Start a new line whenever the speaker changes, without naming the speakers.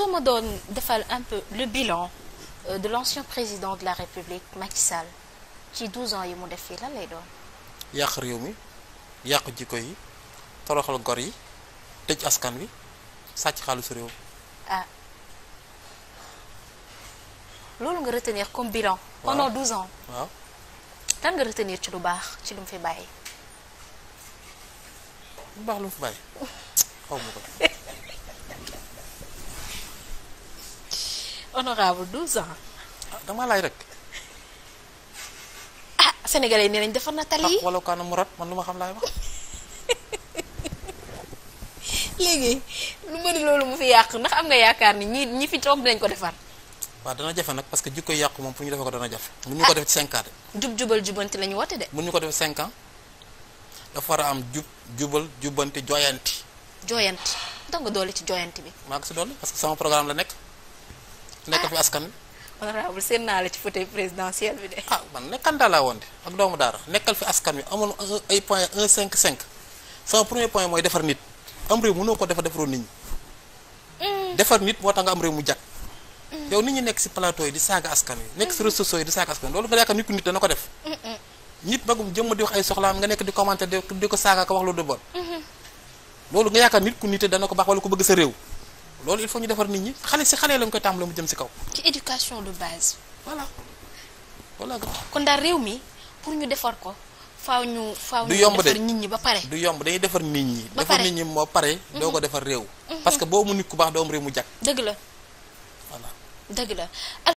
soo ma doon defal un peu le bilan euh, de l'ancien président de la République Macky Sall ci 12 ans yi mu def fii lan lay doon.
yàq réew mi yàq jikko yi toroxal gor yi tëj askan wi sàcc xaalisu réew.
ah loolu nga retenir comme bilan. waaw pendant 12 ans. waaw lan nga retenir ci lu baax ci lu mu fi bàyyi.
lu baax lu mu fi bàyyi xaw ma ko. honorable 12 ans. ah dama laaj rek. ah sénégalais yi nee nañ defar na tali yi wala kaanu mu rat man lu ma xam laay wax.
léegi lu bëri loolu mu fi yàq ndax am nga yaakaar ni ñi ñi fi toog dinañ ko defar.
waa dana jafe nag parce que jikko yàqu moom fu ñu defee ko dana jafe. mun ñu ko ah. def ci 5 ans
jubal jubanti la woote de.
mun ñu ko def 5 ans war a am jub jubal jubanti jooyanti.
jooyanti ndax nga doole ci jooyanti bi.
maa ngi si doole parce que sama programme la nekk. nekk fi askan wi.
honorable seen naa la ci fauteuil présidentiel bi
ah, man nag candidat laa woon de ak doomu daara nekkal fi askan wi amoon ay point un cinq cinq sama premier point mooy defar nit am réew mënoo ko defar defaroo nit ñi. Mm. defar nit moo tax nga am réew mu jag. Mm. yow nit ñi nekk si plateau yi di saaga askan wi. nekk si mm. réseaux sociaux yi di saaga askan wi loolu nga yaakaar nit ku nit dana ko def. nit magum jëmm di wax ay soxlaam nga nekk di commenter di ko saaga ko wax lu du bon. Mm-hmm. loolu nga yaakaar nit ku nit dana ko bëgg sa réew. loolu il faut ñu defar nit ñi xale si xale lañ koy tàmbalee mu jëm si kaw.
ci éducation de base. voilà voilà. kon daal réew mi pour ñu defar ko faw ñu. faaw ñu defar nit ñi
ba pare du yomb dañuy defar nit ñi. ba pare defar nit ñi moo pare. Mhm. doo ko defar réew. Mhm. parce que boo mu nit ku baax doo am réew mu jag.
dëgg la dëgg la.